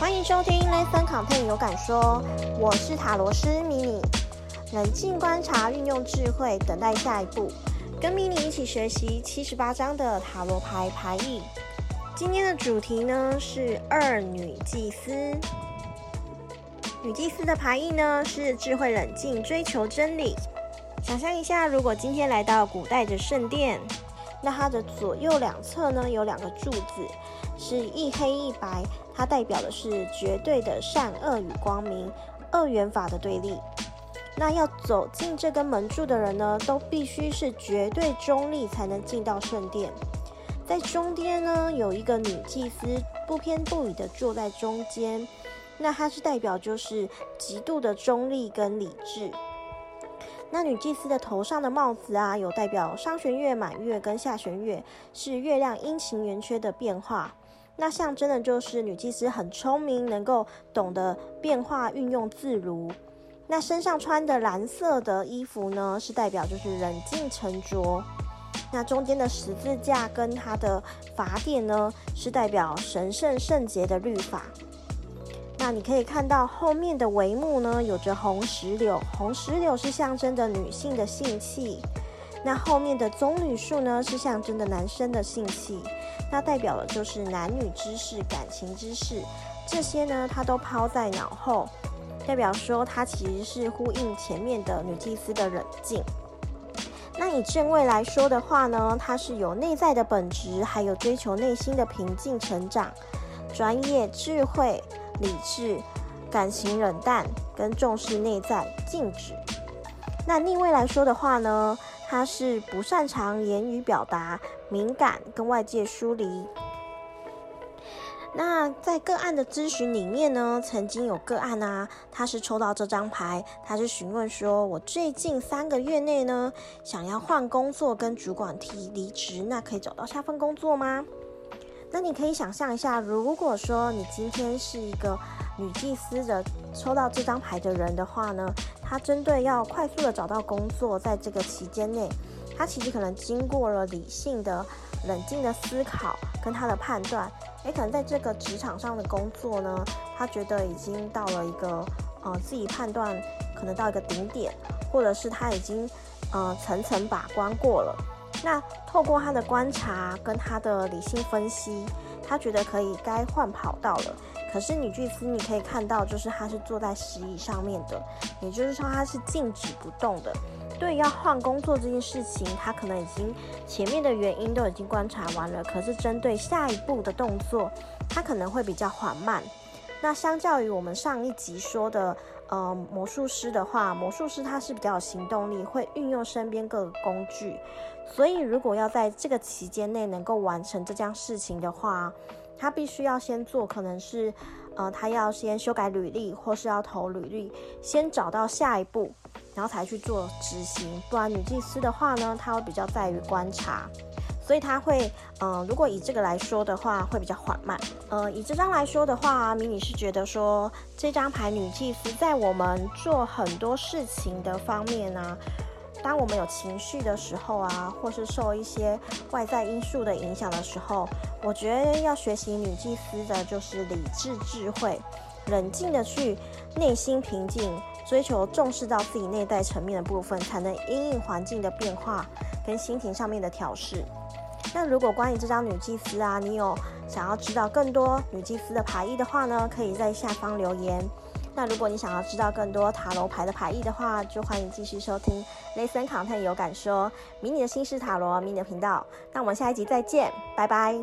歡迎收聽《ListenContent》有感說，我是塔羅師米妮，冷靜觀察，運用智慧，等待下一步。跟米妮一起學習七十八張的塔羅牌牌意。今天的主題呢是二女祭司。女祭司的牌意呢是智慧、冷靜、追求真理。想象一下，如果今天來到古代的聖殿，那它的左右兩側呢有兩個柱子。是一黑一白，它代表的是絕對的善惡與光明，二元法的對立。那要走進這根門柱的人呢，都必須是絕對中立才能進到聖殿。在中間呢，有一個女祭司不偏不倚的坐在中間，那她是代表就是極度的中立跟理智。那女祭司的頭上的帽子啊，有代表上弦月、滿月跟下弦月，是月亮陰晴圓缺的變化。那象徵的，就是女祭司很聰明，能夠懂得變化運用自如。那身上穿的藍色的衣服呢，是代表就是冷靜沉着，那中間的十字架跟它的法典呢，是代表神聖聖潔的律法。那你可以看到後面的帷幕呢，有着紅石榴，紅石榴是象徵着女性的性器。那後面的棕櫚樹呢，是象徵著男生的性器，那代表的就是男女之事、感情之事，這些呢，他都拋在腦後，代表說他其實是呼應前面的女祭司的冷靜。那以正位來說的話呢，他是有內在的本質，還有追求內心的平靜、成長、專業、智慧、理智、感情冷淡跟重視內在、靜止。那逆位來說的話呢？他是不擅長言語表達，敏感，跟外界疏離。那在個案的諮詢裡面呢，曾經有個案啊，他是抽到這張牌，他是詢問說：“我最近三個月內呢，想要換工作，跟主管提離職，那可以找到下份工作嗎？”那你可以想象一下，如果說你今天是一個女祭司的抽到這張牌的人的話呢？他針對要快速的找到工作，在這個期間內，他其實可能經過了理性的、冷靜的思考跟他的判斷。誒，可能在這個職場上的工作呢，他覺得已經到了一個呃，自己判斷可能到一個頂點，或者是他已經呃層層把關過了。那透過他的觀察跟他的理性分析。他覺得可以該換跑道了，可是女祭司，你可以看到，就是他是坐在石椅上面的，也就是說他是靜止不動的。對於要換工作這件事情，他可能已經前面的原因都已經觀察完了，可是針對下一步的動作，他可能會比較緩慢。那相較於我們上一集說的。呃，魔術師的話，魔術師他是比較有行動力，會運用身邊各個工具。所以，如果要在這個期間內能夠完成這件事情的話，他必須要先做，可能是呃，他要先修改履歷，或是要投履歷，先找到下一步，然後才去做執行。不然，女祭司的話呢，他會比較在於觀察。所以它會，嗯、呃，如果以這個來說的話，會比較緩慢。呃，以這張來說的話，迷你是覺得說這張牌女祭司在我們做很多事情的方面呢、啊，當我們有情緒的時候啊，或是受一些外在因素的影響的時候，我覺得要學習女祭司的就是理智、智慧、冷靜的去內心平靜，追求重視到自己內在層面的部分，才能因應環境的變化跟心情上面的調適。那如果關於這張女祭司啊，你有想要知道更多女祭司的牌意的話呢，可以在下方留言。那如果你想要知道更多塔羅牌的牌意的話，就歡迎繼續收聽 Listen Content 有感說迷你的心事塔羅迷你的頻道。那我們下一集再見，拜拜。